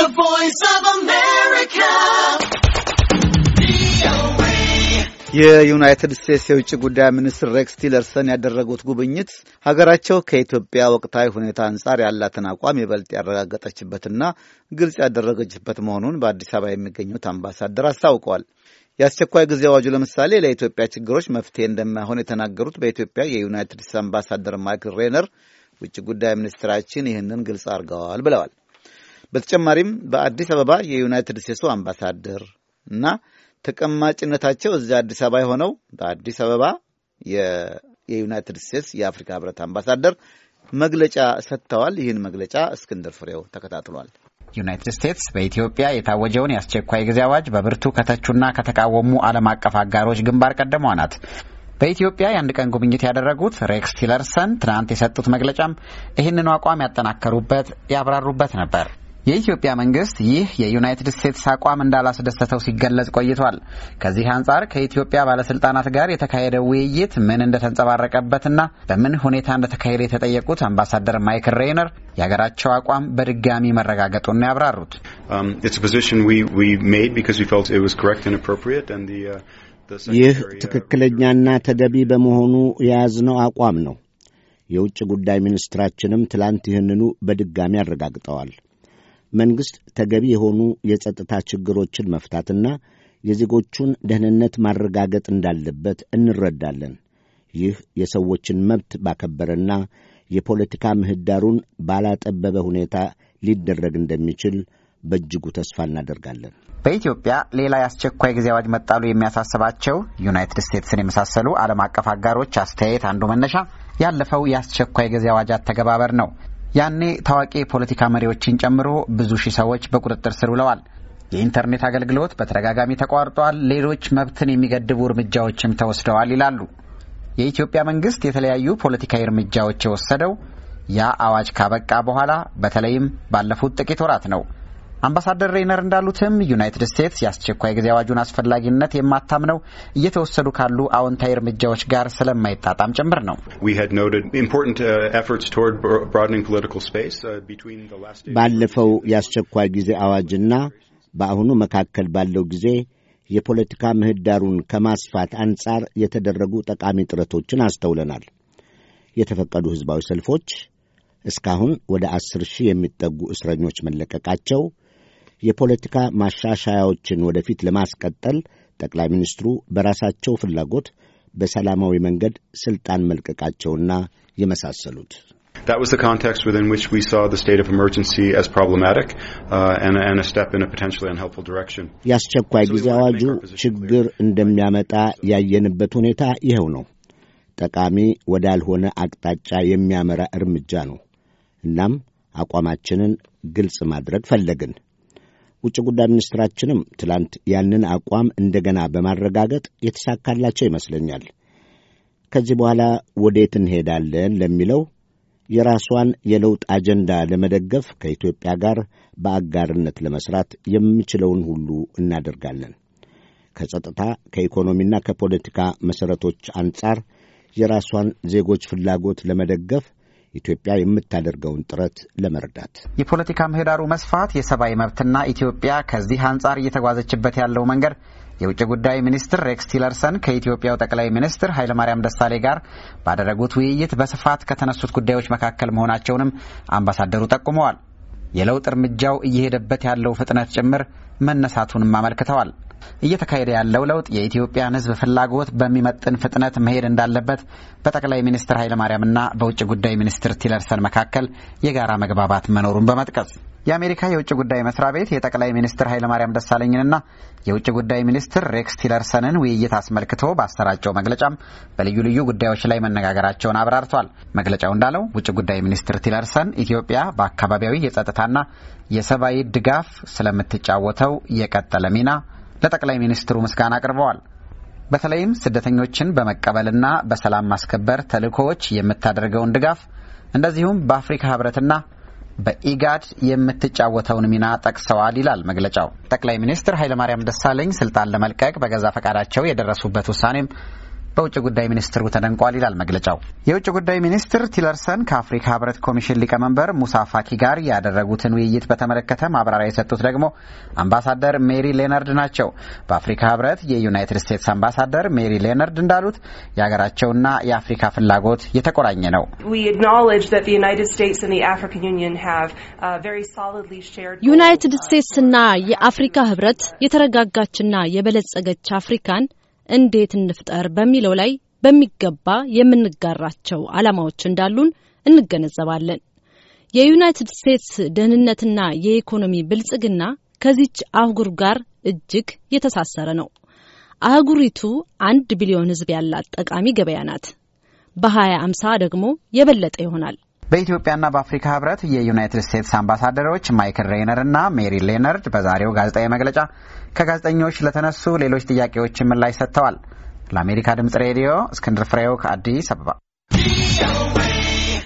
The Voice of America. የዩናይትድ ስቴትስ የውጭ ጉዳይ ሚኒስትር ሬክስ ቲለርሰን ያደረጉት ጉብኝት ሀገራቸው ከኢትዮጵያ ወቅታዊ ሁኔታ አንጻር ያላትን አቋም ይበልጥ ያረጋገጠችበትና ግልጽ ያደረገችበት መሆኑን በአዲስ አበባ የሚገኙት አምባሳደር አስታውቀዋል። የአስቸኳይ ጊዜ አዋጁ ለምሳሌ ለኢትዮጵያ ችግሮች መፍትሄ እንደማይሆን የተናገሩት በኢትዮጵያ የዩናይትድ ስቴትስ አምባሳደር ማይክል ሬነር ውጭ ጉዳይ ሚኒስትራችን ይህንን ግልጽ አድርገዋል ብለዋል። በተጨማሪም በአዲስ አበባ የዩናይትድ ስቴትሱ አምባሳደር እና ተቀማጭነታቸው እዚ አዲስ አበባ የሆነው በአዲስ አበባ የዩናይትድ ስቴትስ የአፍሪካ ህብረት አምባሳደር መግለጫ ሰጥተዋል። ይህን መግለጫ እስክንድር ፍሬው ተከታትሏል። ዩናይትድ ስቴትስ በኢትዮጵያ የታወጀውን የአስቸኳይ ጊዜ አዋጅ በብርቱ ከተቹና ከተቃወሙ ዓለም አቀፍ አጋሮች ግንባር ቀደሟ ናት። በኢትዮጵያ የአንድ ቀን ጉብኝት ያደረጉት ሬክስ ቲለርሰን ትናንት የሰጡት መግለጫም ይህንኑ አቋም ያጠናከሩበት ያብራሩበት ነበር። የኢትዮጵያ መንግስት ይህ የዩናይትድ ስቴትስ አቋም እንዳላስደሰተው ሲገለጽ ቆይቷል። ከዚህ አንጻር ከኢትዮጵያ ባለስልጣናት ጋር የተካሄደው ውይይት ምን እንደተንጸባረቀበትና በምን ሁኔታ እንደተካሄደ የተጠየቁት አምባሳደር ማይክል ሬይነር የሀገራቸው አቋም በድጋሚ መረጋገጡን ያብራሩት um, uh, ይህ uh, ትክክለኛና ተገቢ በመሆኑ የያዝነው አቋም ነው። የውጭ ጉዳይ ሚኒስትራችንም ትላንት ይህንኑ በድጋሚ አረጋግጠዋል። መንግሥት ተገቢ የሆኑ የጸጥታ ችግሮችን መፍታትና የዜጎቹን ደህንነት ማረጋገጥ እንዳለበት እንረዳለን። ይህ የሰዎችን መብት ባከበረና የፖለቲካ ምህዳሩን ባላጠበበ ሁኔታ ሊደረግ እንደሚችል በእጅጉ ተስፋ እናደርጋለን። በኢትዮጵያ ሌላ የአስቸኳይ ጊዜ አዋጅ መጣሉ የሚያሳስባቸው ዩናይትድ ስቴትስን የመሳሰሉ ዓለም አቀፍ አጋሮች አስተያየት አንዱ መነሻ ያለፈው የአስቸኳይ ጊዜ አዋጅ አተገባበር ነው። ያኔ ታዋቂ የፖለቲካ መሪዎችን ጨምሮ ብዙ ሺህ ሰዎች በቁጥጥር ስር ውለዋል። የኢንተርኔት አገልግሎት በተደጋጋሚ ተቋርጧል፣ ሌሎች መብትን የሚገድቡ እርምጃዎችም ተወስደዋል ይላሉ። የኢትዮጵያ መንግስት የተለያዩ ፖለቲካዊ እርምጃዎች የወሰደው ያ አዋጅ ካበቃ በኋላ በተለይም ባለፉት ጥቂት ወራት ነው። አምባሳደር ሬይነር እንዳሉትም ዩናይትድ ስቴትስ የአስቸኳይ ጊዜ አዋጁን አስፈላጊነት የማታምነው እየተወሰዱ ካሉ አዎንታዊ እርምጃዎች ጋር ስለማይጣጣም ጭምር ነው። uh, uh, ባለፈው የአስቸኳይ ጊዜ አዋጅና በአሁኑ መካከል ባለው ጊዜ የፖለቲካ ምህዳሩን ከማስፋት አንጻር የተደረጉ ጠቃሚ ጥረቶችን አስተውለናል። የተፈቀዱ ሕዝባዊ ሰልፎች፣ እስካሁን ወደ አስር ሺህ የሚጠጉ እስረኞች መለቀቃቸው የፖለቲካ ማሻሻያዎችን ወደፊት ለማስቀጠል ጠቅላይ ሚኒስትሩ በራሳቸው ፍላጎት በሰላማዊ መንገድ ስልጣን መልቀቃቸውና የመሳሰሉት That was the context within which we saw the state of emergency as problematic uh, and, and a step in a potentially unhelpful direction. ጊዜ አዋጁ ችግር እንደሚያመጣ ያየንበት ሁኔታ ይኸው ነው። ጠቃሚ ወዳልሆነ አቅጣጫ የሚያመራ እርምጃ ነው። እናም አቋማችንን ግልጽ ማድረግ ፈለግን። ውጭ ጉዳይ ሚኒስትራችንም ትላንት ያንን አቋም እንደገና በማረጋገጥ የተሳካላቸው ይመስለኛል። ከዚህ በኋላ ወዴት እንሄዳለን ለሚለው የራሷን የለውጥ አጀንዳ ለመደገፍ ከኢትዮጵያ ጋር በአጋርነት ለመስራት የምችለውን ሁሉ እናደርጋለን። ከጸጥታ ከኢኮኖሚና ከፖለቲካ መሠረቶች አንጻር የራሷን ዜጎች ፍላጎት ለመደገፍ ኢትዮጵያ የምታደርገውን ጥረት ለመርዳት የፖለቲካ ምህዳሩ መስፋት፣ የሰብአዊ መብትና ኢትዮጵያ ከዚህ አንጻር እየተጓዘችበት ያለው መንገድ የውጭ ጉዳይ ሚኒስትር ሬክስ ቲለርሰን ከኢትዮጵያው ጠቅላይ ሚኒስትር ኃይለማርያም ደሳሌ ጋር ባደረጉት ውይይት በስፋት ከተነሱት ጉዳዮች መካከል መሆናቸውንም አምባሳደሩ ጠቁመዋል። የለውጥ እርምጃው እየሄደበት ያለው ፍጥነት ጭምር መነሳቱንም አመልክተዋል። እየተካሄደ ያለው ለውጥ የኢትዮጵያን ሕዝብ ፍላጎት በሚመጥን ፍጥነት መሄድ እንዳለበት በጠቅላይ ሚኒስትር ኃይለማርያምና በውጭ ጉዳይ ሚኒስትር ቲለርሰን መካከል የጋራ መግባባት መኖሩን በመጥቀስ የአሜሪካ የውጭ ጉዳይ መስሪያ ቤት የጠቅላይ ሚኒስትር ኃይለማርያም ደሳለኝንና የውጭ ጉዳይ ሚኒስትር ሬክስ ቲለርሰንን ውይይት አስመልክቶ ባሰራጨው መግለጫም በልዩ ልዩ ጉዳዮች ላይ መነጋገራቸውን አብራርቷል። መግለጫው እንዳለው ውጭ ጉዳይ ሚኒስትር ቲለርሰን ኢትዮጵያ በአካባቢያዊ የጸጥታና የሰብአዊ ድጋፍ ስለምትጫወተው የቀጠለ ሚና ለጠቅላይ ሚኒስትሩ ምስጋና አቅርበዋል። በተለይም ስደተኞችን በመቀበልና በሰላም ማስከበር ተልእኮዎች የምታደርገውን ድጋፍ እንደዚሁም በአፍሪካ ህብረትና በኢጋድ የምትጫወተውን ሚና ጠቅሰዋል ይላል መግለጫው። ጠቅላይ ሚኒስትር ኃይለማርያም ደሳለኝ ስልጣን ለመልቀቅ በገዛ ፈቃዳቸው የደረሱበት ውሳኔም በውጭ ጉዳይ ሚኒስትሩ ተደንቋል ይላል መግለጫው። የውጭ ጉዳይ ሚኒስትር ቲለርሰን ከአፍሪካ ህብረት ኮሚሽን ሊቀመንበር ሙሳ ፋኪ ጋር ያደረጉትን ውይይት በተመለከተ ማብራሪያ የሰጡት ደግሞ አምባሳደር ሜሪ ሌነርድ ናቸው። በአፍሪካ ህብረት የዩናይትድ ስቴትስ አምባሳደር ሜሪ ሌነርድ እንዳሉት የሀገራቸውና የአፍሪካ ፍላጎት የተቆራኘ ነው። uh, ዩናይትድ ስቴትስና የአፍሪካ ህብረት የተረጋጋችና የበለጸገች አፍሪካን እንዴት እንፍጠር በሚለው ላይ በሚገባ የምንጋራቸው ዓላማዎች እንዳሉን እንገነዘባለን። የዩናይትድ ስቴትስ ደህንነትና የኢኮኖሚ ብልጽግና ከዚች አህጉር ጋር እጅግ የተሳሰረ ነው። አህጉሪቱ አንድ ቢሊዮን ሕዝብ ያላት ጠቃሚ ገበያ ናት። በ2050 ደግሞ የበለጠ ይሆናል። በኢትዮጵያና በአፍሪካ ህብረት የዩናይትድ ስቴትስ አምባሳደሮች ማይክል ሬይነር እና ሜሪ ሌነርድ በዛሬው ጋዜጣዊ መግለጫ ከጋዜጠኞች ለተነሱ ሌሎች ጥያቄዎች ምላሽ ሰጥተዋል። ለአሜሪካ ድምጽ ሬዲዮ እስክንድር ፍሬው ከአዲስ አበባ